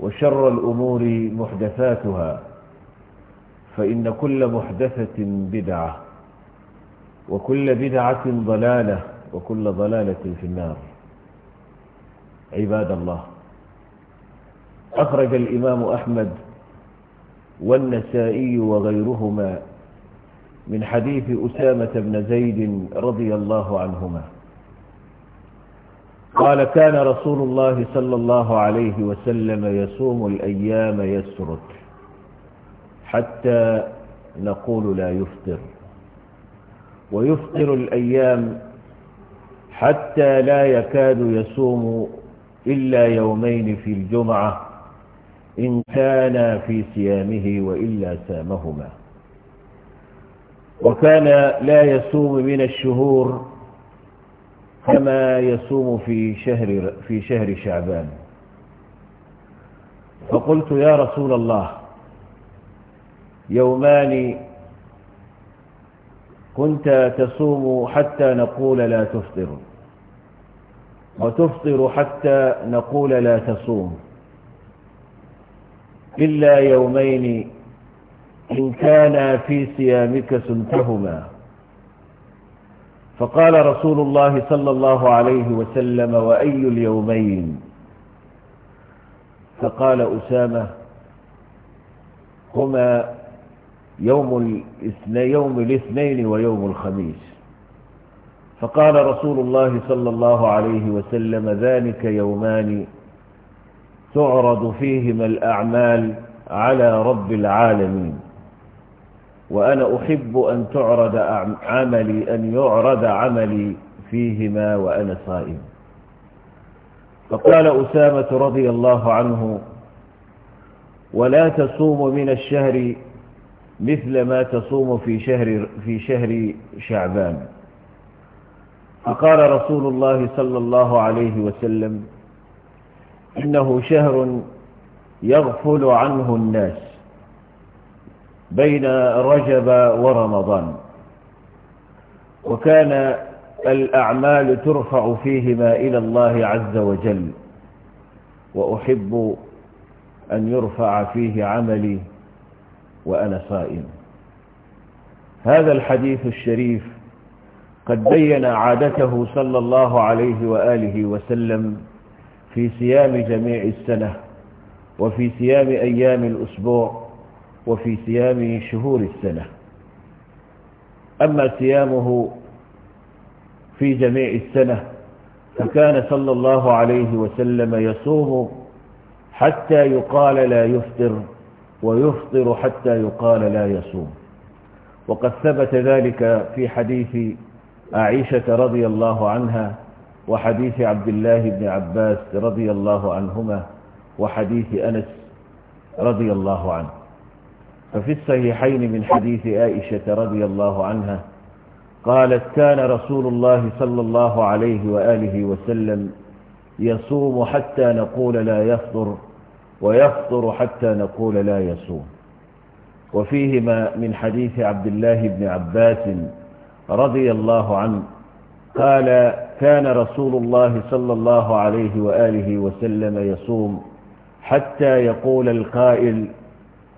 وشر الأمور محدثاتها فإن كل محدثة بدعة وكل بدعة ضلالة وكل ضلالة في النار عباد الله أخرج الإمام أحمد والنسائي وغيرهما من حديث أسامة بن زيد رضي الله عنهما قال كان رسول الله صلى الله عليه وسلم يصوم الأيام يسرد حتى نقول لا يفطر ويفطر الأيام حتى لا يكاد يصوم إلا يومين في الجمعة إن كان في صيامه وإلا سامهما وكان لا يصوم من الشهور كما يصوم في شهر, في شهر شعبان فقلت يا رسول الله يومان كنت تصوم حتى نقول لا تفطر وتفطر حتى نقول لا تصوم إلا يومين إن كان في صيامك سنتهما فقال رسول الله صلى الله عليه وسلم وأي اليومين فقال أسامة هما يوم الاثنين, يوم الاثنين ويوم الخميس فقال رسول الله صلى الله عليه وسلم ذلك يومان تعرض فيهما الأعمال على رب العالمين وأنا أحب أن تعرض عملي أن يعرض عملي فيهما وأنا صائم فقال أسامة رضي الله عنه ولا تصوم من الشهر مثل ما تصوم في شهر, في شهر شعبان فقال رسول الله صلى الله عليه وسلم إنه شهر يغفل عنه الناس بين رجب ورمضان وكان الأعمال ترفع فيهما إلى الله عز وجل وأحب أن يرفع فيه عملي وأنا صائم هذا الحديث الشريف قد بين عادته صلى الله عليه وآله وسلم في صيام جميع السنة وفي صيام أيام الأسبوع وفي صيام شهور السنة أما صيامه في جميع السنة فكان صلى الله عليه وسلم يصوم حتى يقال لا يفطر ويفطر حتى يقال لا يصوم وقد ثبت ذلك في حديث عائشة رضي الله عنها وحديث عبد الله بن عباس رضي الله عنهما وحديث أنس رضي الله عنه ففي الصحيحين من حديث عائشة رضي الله عنها قالت كان رسول الله صلى الله عليه وآله وسلم يصوم حتى نقول لا يفطر ويفطر حتى نقول لا يصوم وفيهما من حديث عبد الله بن عباس رضي الله عنه قال كان رسول الله صلى الله عليه وآله وسلم يصوم حتى يقول القائل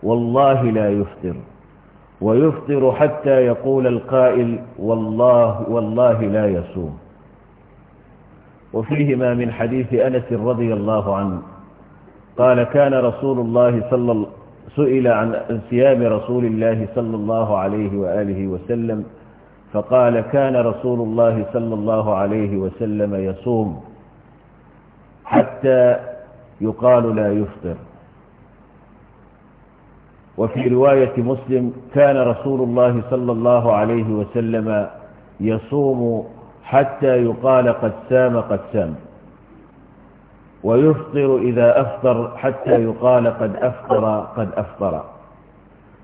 والله لا يفطر ويفطر حتى يقول القائل والله والله لا يصوم وفيهما من حديث أنس رضي الله عنه قال كان رسول الله صلى سئل عن صيام رسول الله صلى الله عليه وآله وسلم فقال كان رسول الله صلى الله عليه وسلم يصوم حتى يقال لا يفطر وفي رواية مسلم كان رسول الله صلى الله عليه وسلم يصوم حتى يقال قد سام قد سام ويفطر إذا أفطر حتى يقال قد أفطر قد أفطر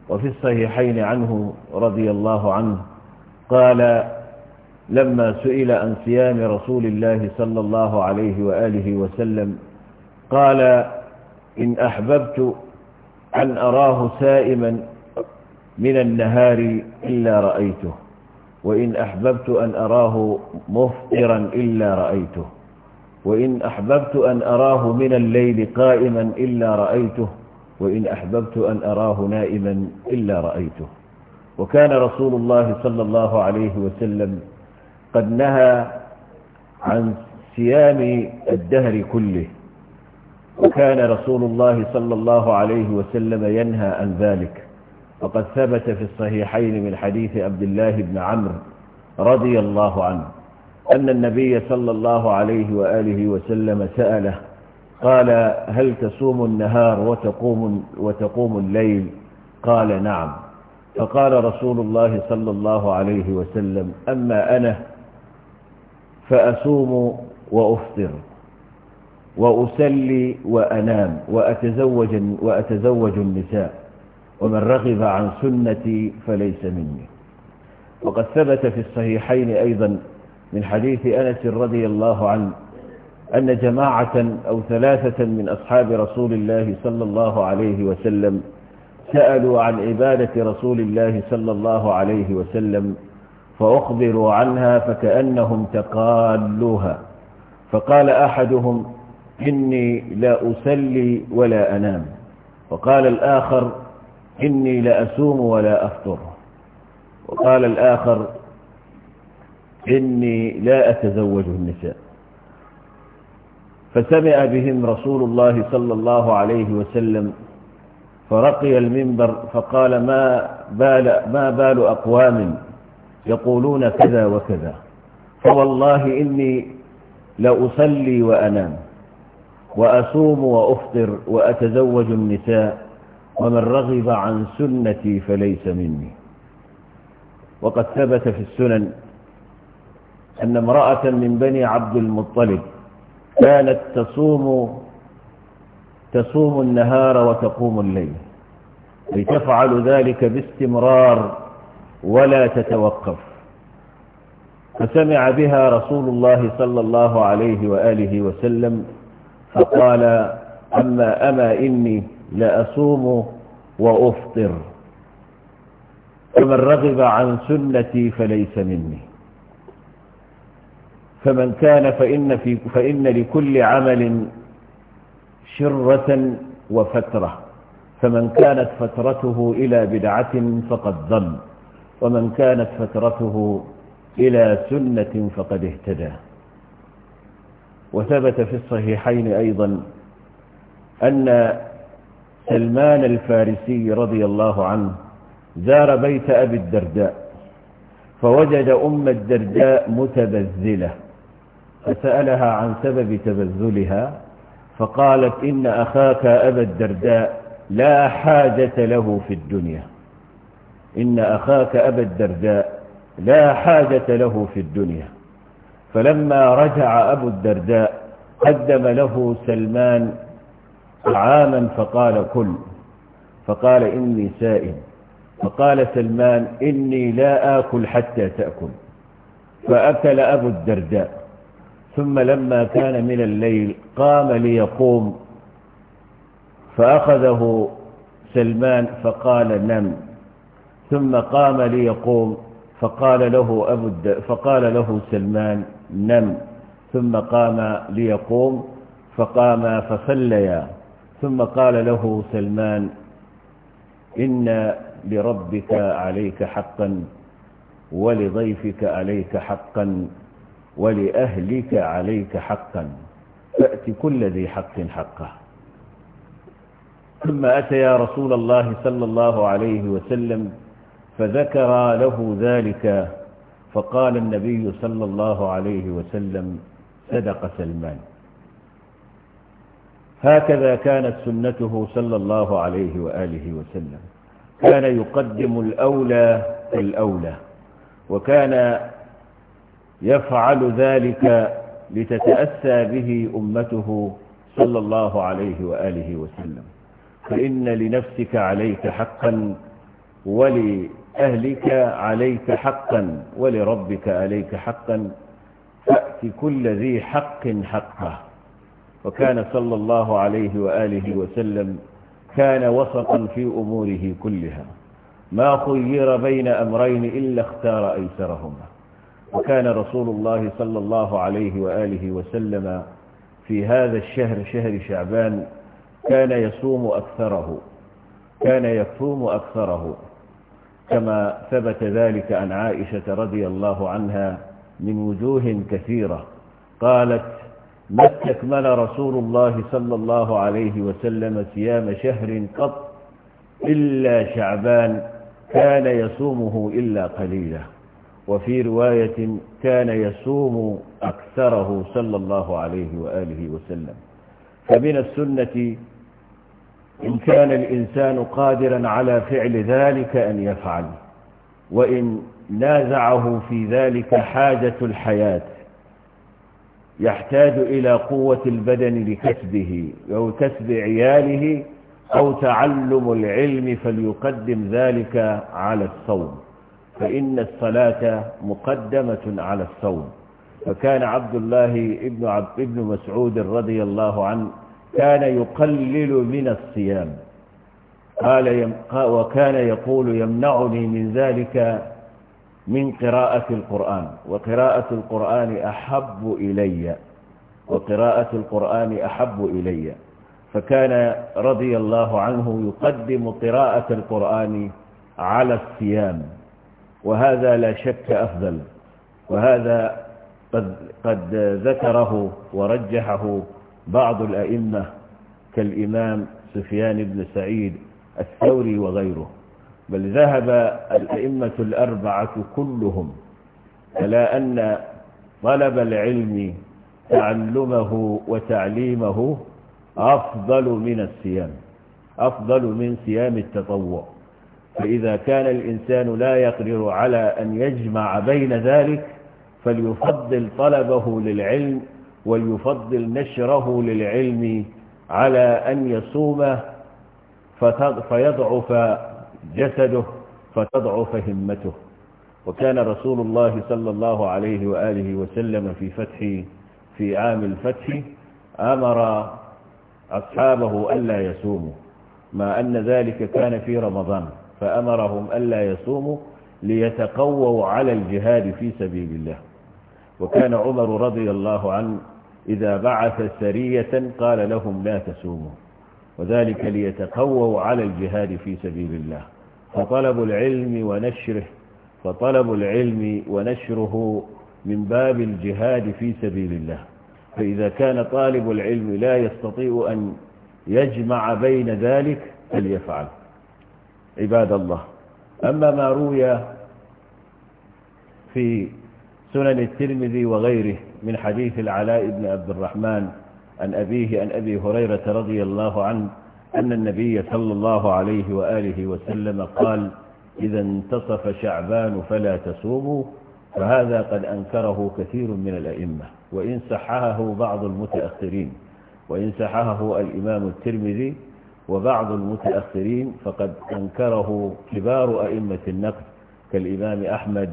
وفي الصحيحين عنه رضي الله عنه قال لما سئل عن صيام رسول الله صلى الله عليه وآله وسلم قال إن أحببت أن أراه سائما من النهار إلا رأيته وإن أحببت أن أراه مفطرا إلا رأيته وإن أحببت أن أراه من الليل قائما إلا رأيته وإن أحببت أن أراه نائما إلا رأيته وكان رسول الله صلى الله عليه وسلم قد نهى عن صيام الدهر كله وكان رسول الله صلى الله عليه وسلم ينهى عن ذلك وقد ثبت في الصحيحين من حديث عبد الله بن عمرو رضي الله عنه أن النبي صلى الله عليه وآله وسلم سأله قال هل تصوم النهار وتقوم, وتقوم الليل قال نعم فقال رسول الله صلى الله عليه وسلم أما أنا فأصوم وأفطر وأسلي وأنام وأتزوج, وأتزوج النساء ومن رغب عن سنتي فليس مني وقد ثبت في الصحيحين أيضا من حديث أنس رضي الله عنه أن جماعة أو ثلاثة من أصحاب رسول الله صلى الله عليه وسلم سألوا عن عبادة رسول الله صلى الله عليه وسلم فأخبروا عنها فكأنهم تقالوها فقال أحدهم إني لا أسلي ولا أنام وقال الآخر إني لا أسوم ولا أفطر وقال الآخر إني لا أتزوج النساء فسمع بهم رسول الله صلى الله عليه وسلم فرقي المنبر فقال ما بال, ما بال أقوام يقولون كذا وكذا فوالله إني لأصلي وأنام وأصوم وأفطر وأتزوج النساء ومن رغب عن سنتي فليس مني وقد ثبت في السنن أن امرأة من بني عبد المطلب كانت تصوم تصوم النهار وتقوم الليل لتفعل ذلك باستمرار ولا تتوقف فسمع بها رسول الله صلى الله عليه وآله وسلم فقال أما أما إني لأصوم وأفطر فمن رغب عن سنتي فليس مني فمن كان فإن, في فإن لكل عمل شرة وفترة فمن كانت فترته إلى بدعة فقد ظن ومن كانت فترته إلى سنة فقد اهتدى وثبت في الصحيحين أيضا أن سلمان الفارسي رضي الله عنه زار بيت أبي الدرداء فوجد أم الدرداء متبذلة فسألها عن سبب تبذلها فقالت إن أخاك أبا الدرداء لا حاجة له في الدنيا إن أخاك أبا الدرداء لا حاجة له في الدنيا فلما رجع أبو الدرداء قدم له سلمان طعاما فقال كل فقال إني سائل فقال سلمان إني لا آكل حتى تأكل فأكل أبو الدرداء ثم لما كان من الليل قام ليقوم فأخذه سلمان فقال نم ثم قام ليقوم فقال له, أبو فقال له سلمان نم ثم قام ليقوم فقام فصليا ثم قال له سلمان إن لربك عليك حقا ولضيفك عليك حقا ولأهلك عليك حقا فأت كل ذي حق حقه ثم أتيا رسول الله صلى الله عليه وسلم فذكر له ذلك فقال النبي صلى الله عليه وسلم صدق سلمان هكذا كانت سنته صلى الله عليه وآله وسلم كان يقدم الأولى الأولى وكان يفعل ذلك لتتأسى به أمته صلى الله عليه وآله وسلم فإن لنفسك عليك حقا ولنفسك أهلك عليك حقا ولربك عليك حقا فأت كل ذي حق حقه وكان صلى الله عليه وآله وسلم كان وسطا في أموره كلها ما خير بين أمرين إلا اختار أيسرهما وكان رسول الله صلى الله عليه وآله وسلم في هذا الشهر شهر شعبان كان يصوم أكثره كان يصوم أكثره كما ثبت ذلك عن عائشة رضي الله عنها من وجوه كثيرة قالت ما استكمل رسول الله صلى الله عليه وسلم صيام شهر قط إلا شعبان كان يصومه إلا قليلا وفي رواية كان يصوم أكثره صلى الله عليه وآله وسلم فمن السنة إن كان الإنسان قادرا على فعل ذلك أن يفعل وإن نازعه في ذلك حاجة الحياة يحتاج إلى قوة البدن لكسبه أو كسب عياله أو تعلم العلم فليقدم ذلك على الصوم فإن الصلاة مقدمة على الصوم فكان عبد الله ابن, عبد ابن مسعود رضي الله عنه كان يقلل من الصيام قال وكان يقول يمنعني من ذلك من قراءة القرآن وقراءة القرآن أحب إلي وقراءة القرآن أحب إلي فكان رضي الله عنه يقدم قراءة القرآن على الصيام وهذا لا شك أفضل وهذا قد, قد ذكره ورجحه بعض الأئمة كالإمام سفيان بن سعيد الثوري وغيره بل ذهب الأئمة الأربعة كلهم إلى أن طلب العلم تعلمه وتعليمه أفضل من الصيام أفضل من صيام التطوع فإذا كان الإنسان لا يقدر على أن يجمع بين ذلك فليفضل طلبه للعلم وليفضل نشره للعلم على أن يصوم فيضعف جسده فتضعف همته وكان رسول الله صلى الله عليه وآله وسلم في فتح في عام الفتح أمر أصحابه ألا يصوموا ما أن ذلك كان في رمضان فأمرهم ألا يصوموا ليتقووا على الجهاد في سبيل الله وكان عمر رضي الله عنه إذا بعث سرية قال لهم لا تسوموا وذلك ليتقووا على الجهاد في سبيل الله فطلب العلم ونشره فطلب العلم ونشره من باب الجهاد في سبيل الله فإذا كان طالب العلم لا يستطيع أن يجمع بين ذلك فليفعل عباد الله أما ما روي في سنن الترمذي وغيره من حديث العلاء بن عبد الرحمن عن أبيه عن أبي هريرة رضي الله عنه أن النبي صلى الله عليه وآله وسلم قال إذا انتصف شعبان فلا تصوموا فهذا قد أنكره كثير من الأئمة وإن صححه بعض المتأخرين وإن صححه الإمام الترمذي وبعض المتأخرين فقد أنكره كبار أئمة النقد كالإمام أحمد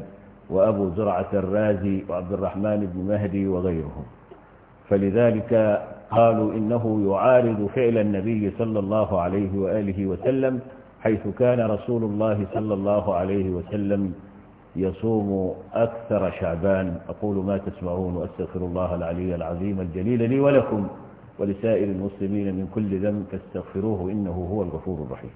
وأبو زرعة الرازي وعبد الرحمن بن مهدي وغيرهم فلذلك قالوا إنه يعارض فعل النبي صلى الله عليه وآله وسلم حيث كان رسول الله صلى الله عليه وسلم يصوم أكثر شعبان أقول ما تسمعون وأستغفر الله العلي العظيم الجليل لي ولكم ولسائر المسلمين من كل ذنب فاستغفروه إنه هو الغفور الرحيم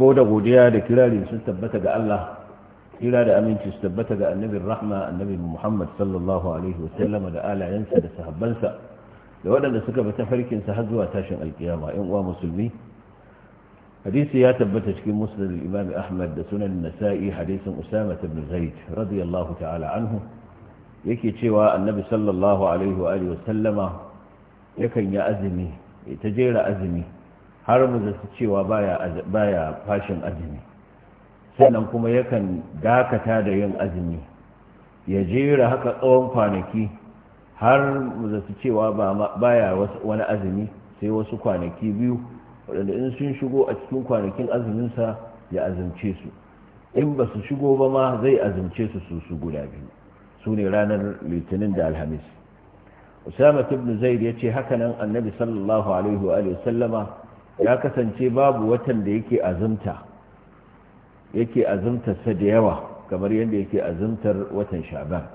yabo da godiya da kirari sun tabbata ga Allah kira da aminci su tabbata ga annabin rahma annabin muhammad sallallahu alaihi wasallama da alayensa da sahabbansa da waɗanda suka bi tafarkinsa har zuwa tashin alkiyama yan uwa musulmi hadisi ya tabbata cikin musnad imam ahmad da sunan nasa'i hadisin usama ibn zaid radiyallahu ta'ala anhu yake cewa annabi sallallahu alaihi wa alihi wasallama yakan yi azumi ya ta jera azumi har mu cewa baya baya fashin azumi sannan kuma yakan dakata da yin azumi ya jera haka tsawon kwanaki har mu zaci cewa baya wani azumi sai wasu kwanaki biyu wadanda in sun shigo a cikin kwanakin azuminsa ya azumce su in ba su shigo ba ma zai azumce su su su guda biyu su ne ranar litinin da alhamis usama ibn zaid ya ce hakanan annabi sallallahu alaihi wa sallama ya kasance babu watan da yake azumta yake azumta azumtarsa da yawa kamar yadda yake azumtar watan sha'ban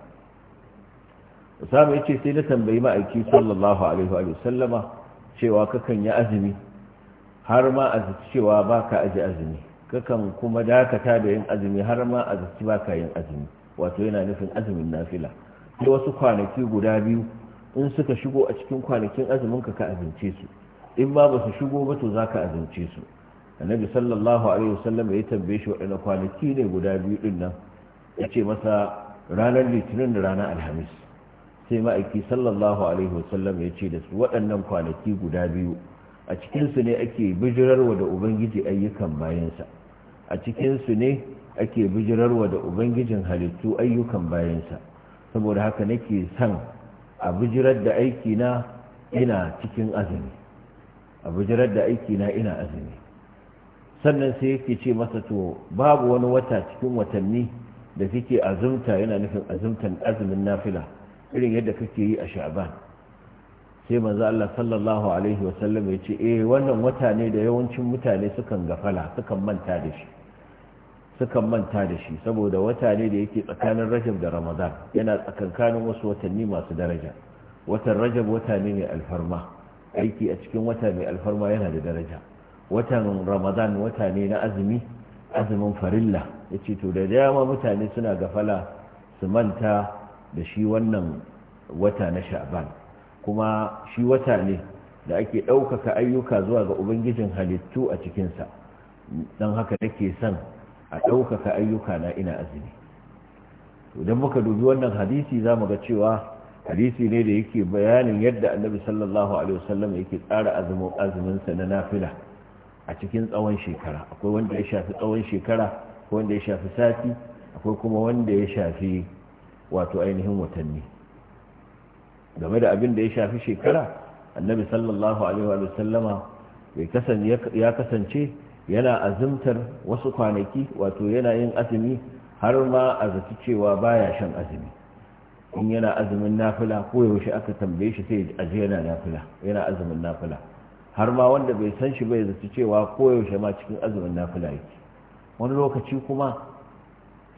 usama yace sai na tambayi ma'aiki sallallahu alaihi wa sallama cewa kakan yi azumi har ma a cewa baka aji azumi kakan kuma dakata da yin azumi har ma a zaci baka yin azumi wato yana nufin azumin nafila sai wasu kwanaki guda biyu in suka shigo a cikin kwanakin azumin ka ka azumce su in ma ba su shigo ba to zaka azance su annabi sallallahu alaihi wasallam ya tambaye shi waɗanda kwanaki ne guda biyu din nan ya masa ranar litinin da ranar alhamis sai ma'aiki sallallahu alaihi wasallam ya ce da su waɗannan kwanaki guda biyu a cikinsu ne ake bijirarwa da ubangiji ayyukan bayansa a cikinsu ne ake bijirarwa da ubangijin halittu ayyukan bayansa saboda haka nake son a bijirar da aiki na ina cikin azumi a bujirar da aiki na ina azumi sannan sai yake ce masa to babu wani wata cikin watanni da kike azumta yana nufin azumtan azumin nafila irin yadda kake yi a sha'ban sai manzo Allah sallallahu alaihi wasallam ya ce eh wannan wata ne da yawancin mutane sukan gafala sukan manta da shi sukan manta da shi saboda wata ne da yake tsakanin rajab da ramadan yana tsakankanin wasu watanni masu daraja watan rajab wata ne mai alfarma aiki a cikin wata mai alfarma yana da daraja watan ramadan wata ne na azumi azumin farilla ya ce to da dama mutane suna gafala su manta da shi wannan wata na sha'ban kuma shi wata ne da ake ɗaukaka ayyuka zuwa ga ubangijin halittu a cikinsa don haka nake son a ɗaukaka ayyuka na ina azumi idan muka dubi wannan hadisi za mu ga cewa hadisi ne da yake bayanin yadda annabi sallallahu alaihi wasallam yake tsara azumin azumin sa na nafila a cikin tsawon shekara akwai wanda ya shafi tsawon shekara akwai wanda ya shafi sati akwai kuma wanda ya shafi wato ainihin watanni game da abin da ya shafi shekara annabi sallallahu alaihi wa ya kasance yana azumtar wasu kwanaki wato yana yin azumi har ma a zaci cewa baya shan azumi in yana azumin nafila ko yaushe aka tambaye shi sai aje yana nafila yana azumin nafila har ma wanda bai san shi bai zaci cewa ko yaushe ma cikin azumin nafila yake wani lokaci kuma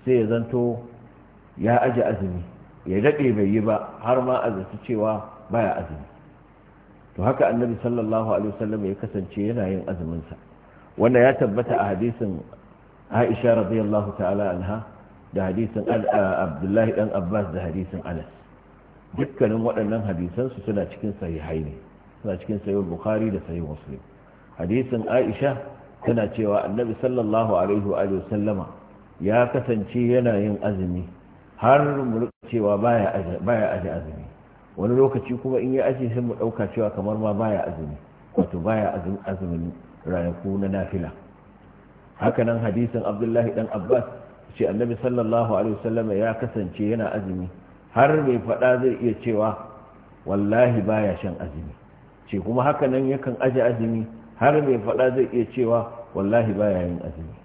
sai ya zanto ya aje azumi ya daɗe bai yi ba har ma a zaci cewa baya azumi to haka annabi sallallahu alaihi wasallam ya kasance yana yin azumin sa wanda ya tabbata a hadisin Aisha radiyallahu ta'ala anha da hadisin abdullahi dan abbas da hadisin anas dukkanin waɗannan hadisansu suna cikin sahihai ne suna cikin sahihul bukhari da sahih muslim hadisin aisha tana cewa annabi sallallahu alaihi wa sallama ya kasance yana yin azumi har mu cewa baya aje azumi wani lokaci kuma in ya aje sai mu ɗauka cewa kamar ma baya azumi wato baya azumin ranaku na nafila hakanan hadisin abdullahi dan abbas ce annabi sallallahu alaihi wasallam ya kasance yana azumi har mai fada zai iya cewa wallahi baya shan azumi ce kuma haka nan yakan aje azumi har mai faɗa zai iya cewa wallahi baya yin azumi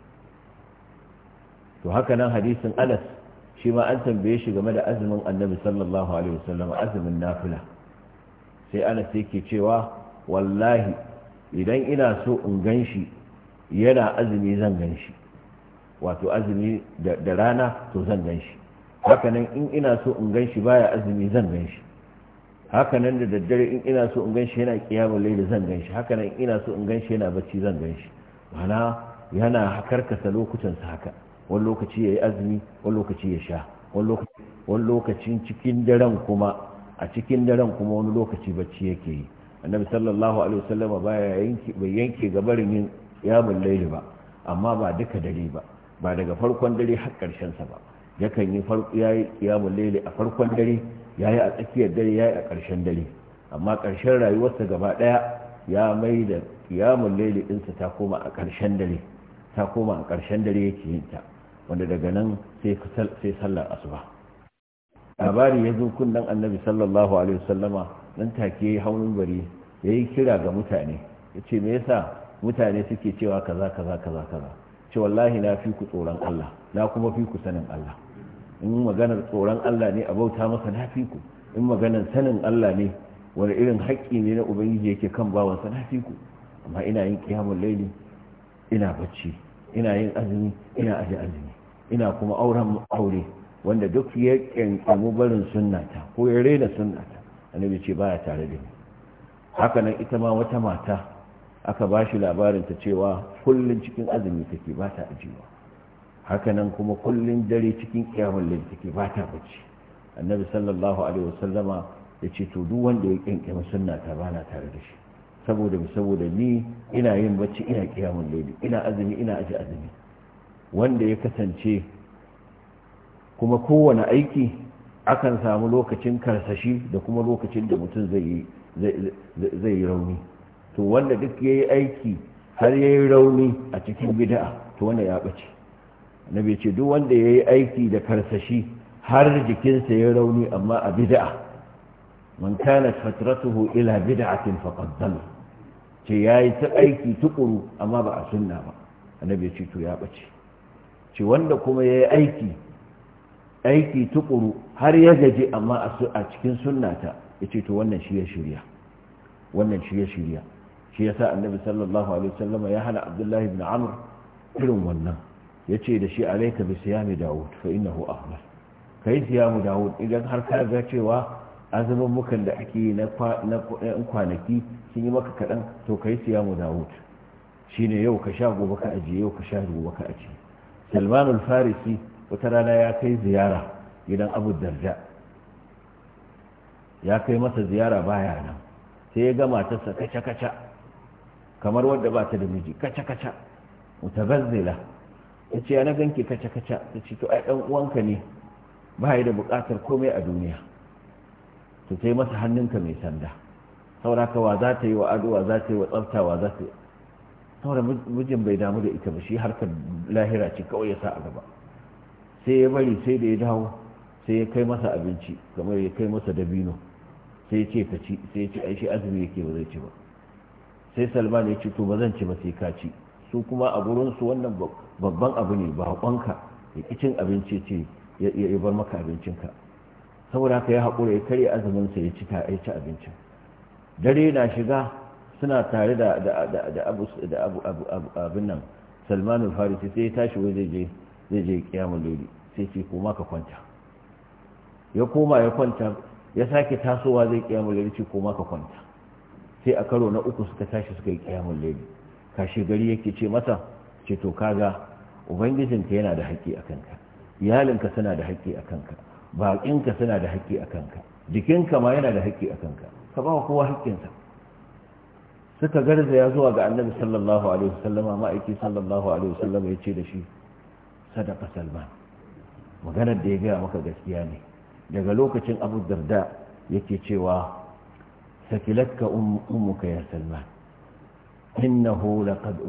to haka nan hadisin anas shi ma an tambaye shi game da azumin annabi sallallahu alaihi wasallam azumin nafila sai anas yake cewa wallahi idan ina so in ganshi yana azumi zan ganshi wato azumi da rana to zan gan shi hakanan in ina so in gan shi baya azumi zan gan shi hakanan da daddare in ina so in gan shi yana kiyamun laili zan gan shi hakanan in ina so in gan shi yana bacci zan gan shi mana yana karkasa lokutan sa haka wani lokaci ya yi azumi wani lokaci ya sha wani lokacin cikin daren kuma a cikin daren kuma wani lokaci bacci yake yi annabi sallallahu alaihi wasallama baya yanke bai yanke gabarin yin yamun laili ba amma ba duka dare ba ba daga farkon dare har karshen sa ba yakan yi farko yayi a farkon dare yayi a tsakiyar dare yayi a karshen dare amma karshen rayuwarsa gaba daya ya mai da qiyamul lele ɗinsa ta koma a karshen dare ta koma a ƙarshen dare yake yin ta wanda daga nan sai sai sallar asuba labari ya zo kunnan annabi sallallahu alaihi wasallama nan take haunin bari yayi kira ga mutane yace me yasa mutane suke cewa kaza kaza kaza kaza ce wallahi na fi ku tsoron Allah na kuma fi ku sanin Allah in maganar tsoron Allah ne a bauta masa na fi ku in maganar sanin Allah ne wani irin haƙƙi ne na ubangiji yake kan bawansa na fi ku amma ina yin kiyamun laili ina bacci ina yin azumi ina aje azumi ina kuma auren aure wanda duk ya kyankyamu barin sunnata ko ya rena sunnata annabi ce baya tare da ni haka nan ita ma wata mata aka ba shi labarin ta cewa kullum cikin azumi take ba ta ajiyewa hakanan kuma kullum dare cikin kiyamun lalle take ba ta bacci annabi sallallahu alaihi wasallama ya ce to duk wanda ya kyankyama sunna ta bana tare da shi saboda saboda ni ina yin bacci ina kiyamun lalle ina azumi ina aji azumi wanda ya kasance kuma kowane aiki akan samu lokacin karsashi da kuma lokacin da mutum zai yi rauni to wanda duk yayi aiki har yi rauni a cikin bida'a to wanda ya bace bai ce duk wanda yayi aiki da karsashi har jikinsa ya rauni amma a bida'a. man kana fatratuhu ila bid'atin faqad dhalla ce yayi ta aiki tukuru amma ba a sunna ba annabi ce to ya bace ce wanda kuma yayi aiki aiki tukuru har ya gaji amma a cikin sunnata ya ce to wannan shi ya shirya wannan shi ya shirya shi sa annabi sallallahu alaihi ya hana abdullahi bin amr irin wannan yace da shi alaika bi siyami daud fa innahu afdal kai siyamu daud idan har ka ga cewa azumin mukan da ake na kwanaki sun yi maka kaɗan to kai siyamu daud shine yau ka sha gobe ka ajiye yau ka sha gobe ka ajiye salmanul farisi wata rana ya kai ziyara gidan abu darja ya kai masa ziyara baya nan sai ya ga matarsa kaca-kaca kamar wadda ba ta da miji kaca kaca mutabazzila ta ce na ganki kaca kaca ta ce to ai ɗan uwanka ne ba ya da buƙatar komai a duniya to ta yi masa hannunka mai sanda sauraka wa za ta yi wa aduwa za ta yi wa tsafta wa za ta yi saura mijin bai damu da ita ba shi harkar lahira ce kawai ya sa a gaba sai ya bari sai da ya dawo sai ya kai masa abinci kamar ya kai masa dabino sai ya ce ka ci sai ya ce ai shi azumi yake ba zai ci ba sai salman ya ce to ba zan ci ba sai ka ci su kuma a gurinsu wannan babban abu ne baƙonka ya kicin abinci ce ya bar maka abincinka saboda haka ya haƙura ya karya sa ya ci ya ci abincin dare na shiga suna tare da da abu abin nan salman al-farisi sai tashi wai zai je zai je lodi sai ce koma ka kwanta ya koma ya kwanta ya sake tasowa zai kiyamun lodi ce koma ka kwanta sai a karo na uku suka tashi suka yi kiyamun laili kashi gari yake ce masa ce to kaga ubangijinka yana da haƙƙi a kanka iyalinka suna da haƙƙi a kanka baƙinka suna da haƙƙi a kanka jikinka ma yana da haƙƙi a kanka ka ba kowa haƙƙinsa suka garzaya zuwa ga annabi sallallahu alaihi wasallam aiki sallallahu alaihi wasallam ya ce da shi sadaka salman maganar da ya gaya maka gaskiya ne daga lokacin abu darda yake cewa sakilatka ummuka ya salman innahu laqad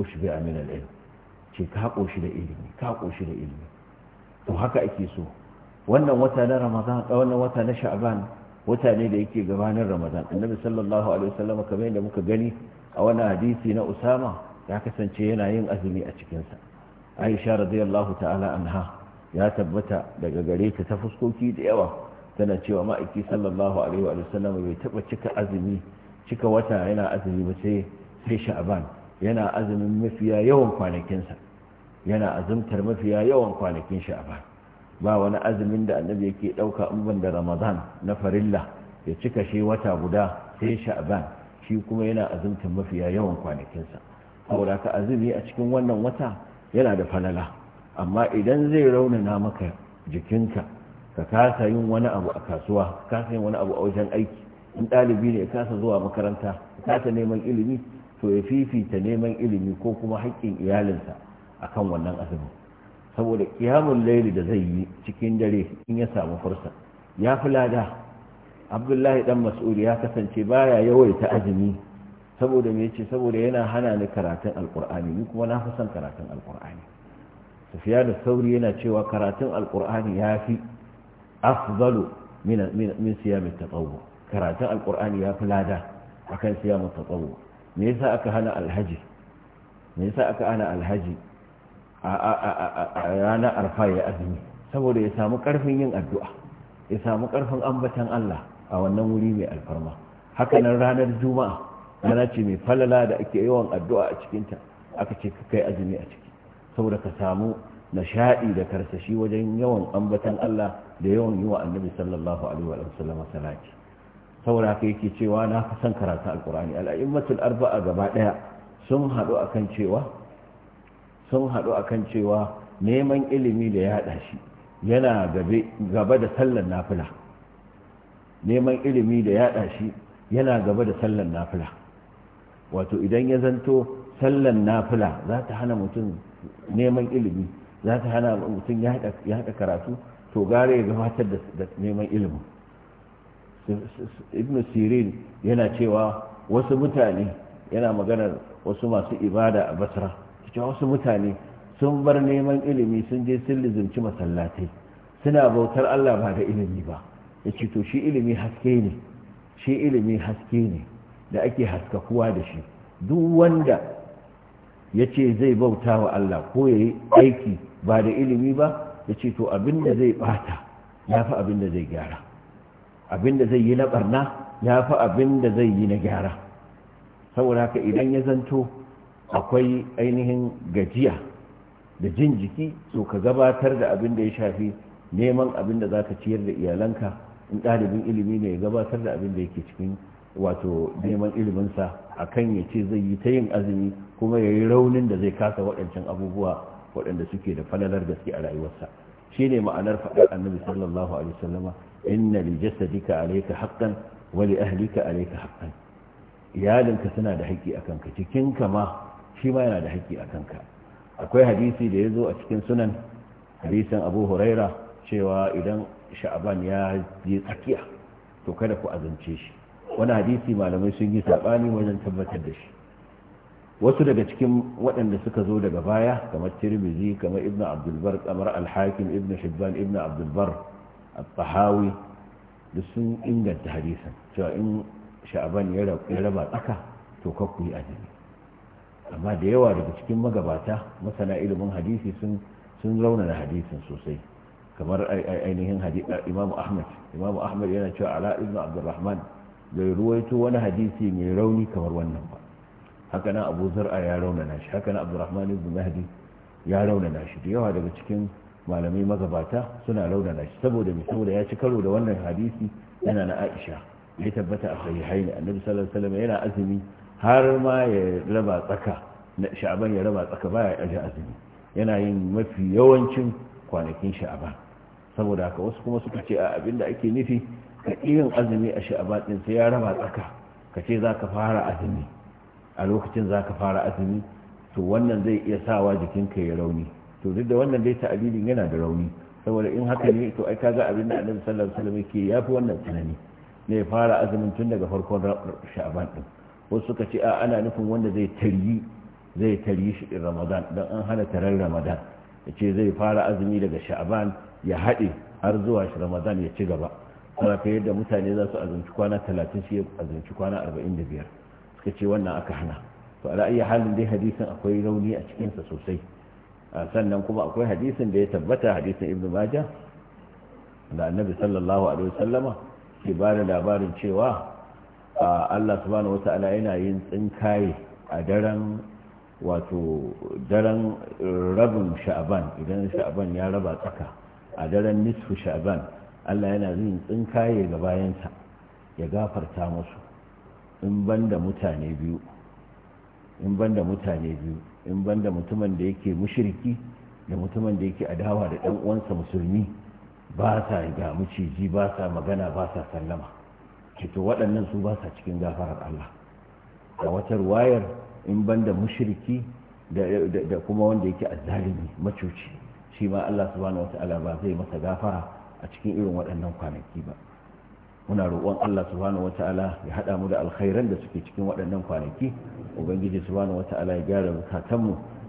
ushbi'a min al-ilm ce ka koshi da ilimi ka da ilimi to haka ake so wannan wata na ramadan wannan wata na sha'ban wata ne da yake gabanin ramadan annabi sallallahu kamar yadda muka gani a wani hadisi na usama ya kasance yana yin azumi a cikinsa aisha radiyallahu ta'ala anha ya tabbata daga gare ta ta fuskoki da yawa tana cewa ma'aiki sallallahu alaihi wa sallam bai taba cika azumi cika wata yana azumi ba sai sai sha'ban yana azumin mafiya yawan kwanakinsa yana azumtar mafiya yawan kwanakin sha'ban ba wani azumin da annabi yake dauka in ban da ramadan na farilla ya cika shi wata guda sai sha'ban shi kuma yana azumtar mafiya yawan kwanakinsa saboda ka azumi a cikin wannan wata yana da falala amma idan zai raunana maka jikinka ka kasa yin wani abu a kasuwa ka kasa yin wani abu a wajen aiki in ɗalibi ne ya kasa zuwa makaranta ya kasa neman ilimi to ya fifita neman ilimi ko kuma haƙƙin iyalinsa a kan wannan azumin saboda ƙiyamun laili da zai yi cikin dare in ya samu fursa ya fi lada abdullahi dan mas'ud ya kasance baya yawaita azumi saboda me yace saboda yana hana ni karatun alqur'ani ni kuma na fi son karatun alqur'ani da sauri yana cewa karatun alqur'ani fi. afdalu min at-tatawwu karatu karatun alƙur'ani ya fi lada a kan tatawwu me yasa aka hana alhaji me yasa aka hana alhaji a ranar arfa ya azumi saboda ya samu karfin yin addu'a ya samu karfin ambatan Allah a wannan wuri mai alfarma haka nan ranar juma'a rana ce mai falala da ake yawan addu'a a cikinta aka ce ka kai azumi a ciki saboda ka samu nishaɗi da karsashi wajen yawan ambatan Allah da yawan yi wa annabi sallallahu alaihi wa sallam salati saboda haka yake cewa na fi son karatu alkur'ani al'a'immatul arba'a gaba ɗaya sun haɗu akan cewa sun haɗu akan cewa neman ilimi da ya shi yana gaba da sallar nafila neman ilimi da ya shi yana gaba da sallar nafila wato idan ya zanto sallar nafila za ta hana mutum neman ilimi za ta hana mutum ya haɗa karatu to gare ya gabatar da neman ilimi ibn sirin yana cewa wasu mutane yana maganar wasu masu ibada a basra cewa wasu mutane sun bar neman ilimi sun je sun lizimci masallatai suna bautar allah ba da ilimi ba ya ce to shi ilimi haske ne shi ilimi haske ne da ake haska haskakuwa da shi duk wanda ya ce zai bauta wa allah ko ya yi aiki ba da ilimi ba da ce to abin da zai bata ya fi abin da zai gyara abin da zai yi na barna ya fi abin da zai yi na gyara saboda haka idan ya zanto akwai ainihin gajiya da jin jiki to ka gabatar da abin da ya shafi neman abin da za ka ciyar da iyalanka in ɗalibin ilimi ne ya gabatar da abin da yake cikin wato neman iliminsa a kan ya ce zai yi ta yin azumi kuma ya yi raunin da zai kasa waɗancan abubuwa waɗanda suke da falalar gaske a rayuwarsa ne ma'anar faɗar annabi sallallahu alaihi wasallama inna li jasadika alayka haqqan wa li ahlika alayka haqqan iyalinka suna da haƙƙi akan ka cikinka ma shi ma yana da haƙƙi akan ka akwai hadisi da ya zo a cikin sunan hadisin abu huraira cewa idan sha'aban ya yi tsakiya to kada ku azance shi wani hadisi malamai sun yi saɓani wajen tabbatar da shi wasu daga cikin waɗanda suka zo daga baya kamar tirmizi kamar ibn abdulbar kamar alhakim ibn shibban ibn abdulbar al-tahawi da sun inganta hadisan cewa in sha'aban ya raba tsaka to kakku yi azumi amma da yawa daga cikin magabata masana ilimin hadisi sun sun da hadisin sosai kamar ainihin imamu ahmad imamu ahmad yana cewa ala ibn abdulrahman bai ruwaito wani hadisi mai rauni kamar wannan ba haka nan abu zar'a ya raunana shi haka nan abdurrahman ibn mahdi ya raunana shi da yawa daga cikin malamai magabata suna raunana shi saboda mai saboda ya ci karo da wannan hadisi yana na aisha ya tabbata a sahihaini annabi sallallahu alaihi yana azumi har ma ya raba tsaka na sha'aban ya raba tsaka baya aje azumi yana yin mafi yawancin kwanakin sha'aban saboda haka wasu kuma suka ce a abinda ake nufi ka iya azumi a sha'aban din sai ya raba tsaka ka ce za ka fara azumi a lokacin za ka fara azumi to wannan zai iya sawa jikinka ya rauni to duk da wannan dai ta'alilin yana da rauni saboda in haka ne to ai kaga abin da annabi sallallahu alaihi wasallam yake yafi wannan tsanani ne fara azumin tun daga farkon sha'ban din wasu suka ce a ana nufin wanda zai tarihi zai taryi shi din ramadan dan an hana tarar ramadan ya ce zai fara azumi daga sha'ban ya haɗe har zuwa ramadan ya ci gaba kuma yadda mutane za su azumci kwana 30 shi ya azumci kwana 45 ya ce wannan aka hana to iya halin dai hadisin akwai rauni a cikinsa sosai sannan kuma akwai hadisin da ya tabbata hadisin ibn majah da annabi sallallahu alaihi wasallama ke ba da labarin cewa Allah subhanahu wata'ala yana yin tsinkaye a daren wato daren rabin sha'aban idan sha'aban ya raba tsaka a daren nisfu sha'aban Allah yana yin tsinkaye ga bayansa ya gafarta musu in da mutane biyu in banda mutane biyu in da mutumin da yake mushriki da mutumin da yake adawa da ɗan uwansa musulmi ba sa ga miciji ba sa magana ba sa sallama Cito waɗannan su ba sa cikin gafarar Allah a wata ruwayar in ban da mushriki da kuma wanda yake azzalimi macuci shi ma Allah subhanahu wata'ala ba zai masa gafara a cikin irin waɗannan kwanaki ba muna roƙon Allah subhanahu ta'ala ya haɗa mu da alkhairan da suke cikin waɗannan kwanaki ubangiji subhanahu ta'ala ya gyara mu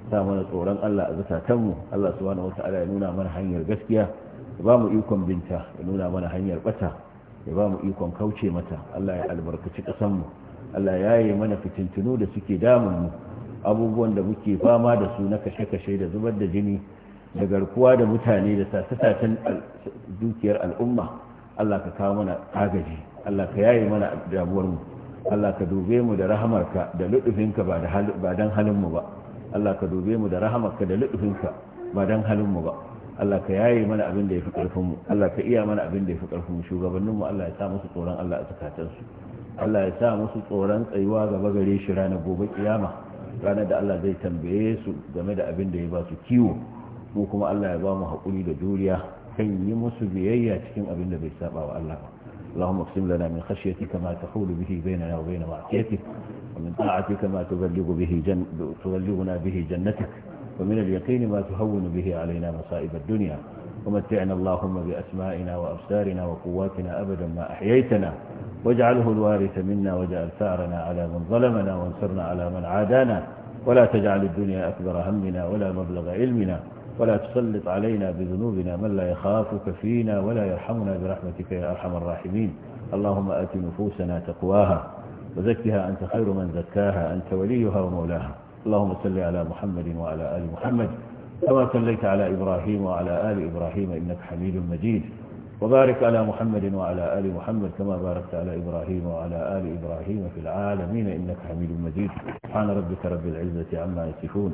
sa mana tsoron Allah a mu Allah subhanahu ta'ala ya nuna mana hanyar gaskiya ya ba mu ikon binta ya nuna mana hanyar bata ya ba mu ikon kauce mata Allah ya albarkaci mu Allah ya yi mana fitintunu da suke damun mu abubuwan da muke fama da su na kashe-kashe da zubar da jini da garkuwa da mutane da sace-sacen dukiyar al'umma Allah ka kawo mana agaji Allah ka yaye mana damuwarmu Allah ka dube mu da rahamarka da lutufinka ba dan halin mu ba Allah ka dube mu da rahamarka da lutufinka ba dan halin mu ba Allah ka yaye mana abin da ya fi mu. Allah ka iya mana abin da ya fi shugabannin shugabanninmu Allah ya sa musu tsoron Allah a su Allah ya sa musu tsoron tsayuwa gaba gare shi ranar gobe kiyama ranar da Allah zai tambaye su game da abin da ya ba su kiwo mu kuma Allah ya ba mu haƙuri da juriya كي مسبيئية كم أبن نبي سابع وألّه اللهم اقسم لنا من خشيتك ما تحول به بيننا وبين معصيتك ومن طاعتك ما تبلغ به جن... تبلغنا به جنتك ومن اليقين ما تهون به علينا مصائب الدنيا ومتعنا اللهم بأسمائنا وأبصارنا وقواتنا أبدا ما أحييتنا واجعله الوارث منا واجعل ثارنا على من ظلمنا وانصرنا على من عادانا ولا تجعل الدنيا أكبر همنا ولا مبلغ علمنا ولا تسلط علينا بذنوبنا من لا يخافك فينا ولا يرحمنا برحمتك يا أرحم الراحمين اللهم آت نفوسنا تقواها وزكها أنت خير من زكاها أنت وليها ومولاها اللهم صل على محمد وعلى آل محمد كما صليت على إبراهيم وعلى آل إبراهيم إنك حميد مجيد وبارك على محمد وعلى آل محمد كما باركت على إبراهيم وعلى آل إبراهيم في العالمين إنك حميد مجيد سبحان ربك رب العزة عما يصفون